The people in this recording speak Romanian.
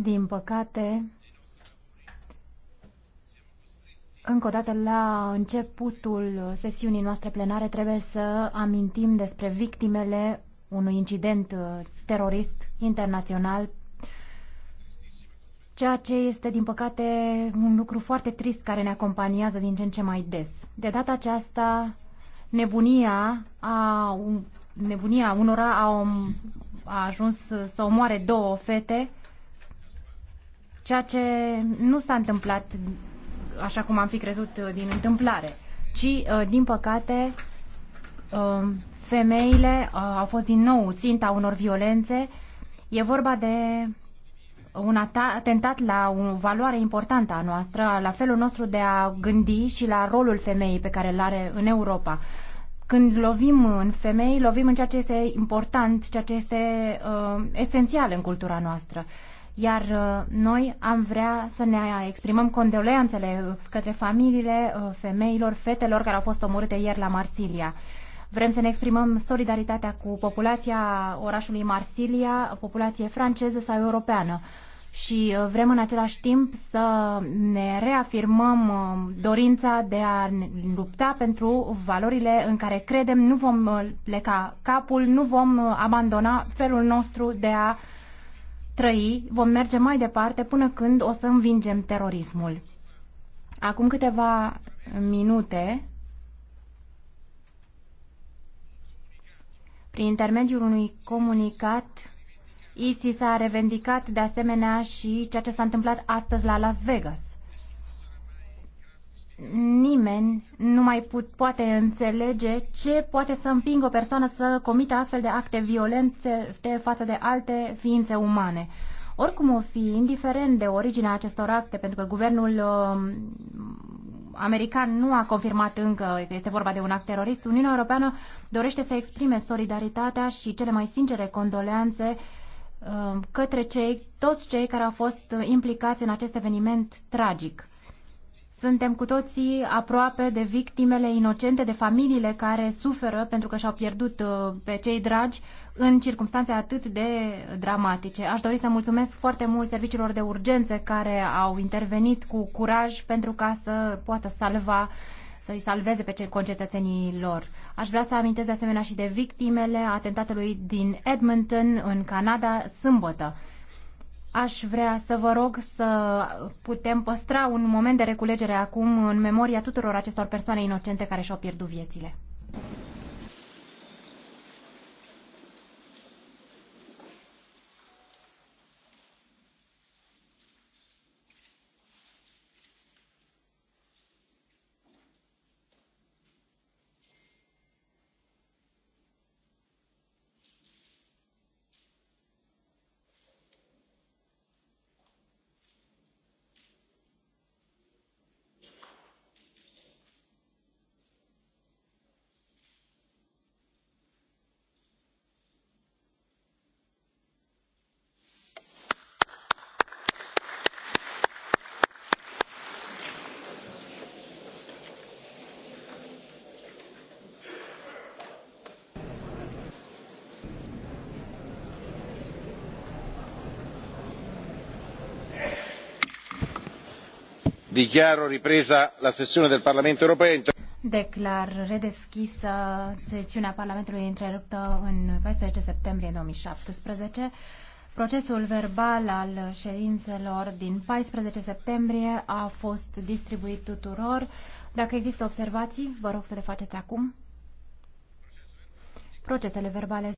Din păcate, încă o dată, la începutul sesiunii noastre plenare, trebuie să amintim despre victimele unui incident uh, terorist internațional, ceea ce este, din păcate, un lucru foarte trist care ne acompaniază din ce în ce mai des. De data aceasta, nebunia, a, nebunia unora a, a ajuns să omoare două fete, ceea ce nu s-a întâmplat așa cum am fi crezut uh, din întâmplare, ci, uh, din păcate, uh, femeile au fost din nou ținta unor violențe. E vorba de un atentat la o valoare importantă a noastră, la felul nostru de a gândi și la rolul femeii pe care îl are în Europa. Când lovim în femei, lovim în ceea ce este important, ceea ce este uh, esențial în cultura noastră. Uh, iar uh, noi am vrea să ne exprimăm condoleanțele uh, către familiile uh, femeilor, fetelor care au fost omorâte ieri la Marsilia. Vrem să ne exprimăm solidaritatea cu populația orașului Marsilia, populație franceză sau europeană. Și vrem în același timp să ne reafirmăm dorința de a lupta pentru valorile în care credem, nu vom pleca capul, nu vom abandona felul nostru de a trăi, vom merge mai departe până când o să învingem terorismul. Acum câteva minute, prin intermediul unui comunicat, ISIS a revendicat de asemenea și ceea ce s-a întâmplat astăzi la Las Vegas nimeni nu mai put, poate înțelege ce poate să împingă o persoană să comită astfel de acte violente față de alte ființe umane. Oricum o fi, indiferent de originea acestor acte, pentru că guvernul uh, american nu a confirmat încă că este vorba de un act terorist, Uniunea Europeană dorește să exprime solidaritatea și cele mai sincere condoleanțe um, către cei, toți cei care au fost implicați în acest eveniment tragic. Suntem cu toții aproape de victimele inocente, de familiile care suferă pentru că și-au pierdut uh, pe cei dragi în circunstanțe atât de dramatice. Aș dori să mulțumesc foarte mult serviciilor de urgențe care au intervenit cu curaj pentru ca să poată salva să-i salveze pe concetățenii lor. Aș vrea să amintesc de asemenea și de victimele atentatului din Edmonton, în Canada, sâmbătă. Aș vrea să vă rog să putem păstra un moment de reculegere acum în memoria tuturor acestor persoane inocente care și-au pierdut viețile. dichiaro ripresa la sessione del parlamento europeo. declar redeschisă sesiunea parlamentului întreruptă în 14 septembrie 2017. Procesul verbal al ședințelor din 14 septembrie a fost distribuit tuturor. Dacă există observații, vă rog să le faceți acum. Procesele verbale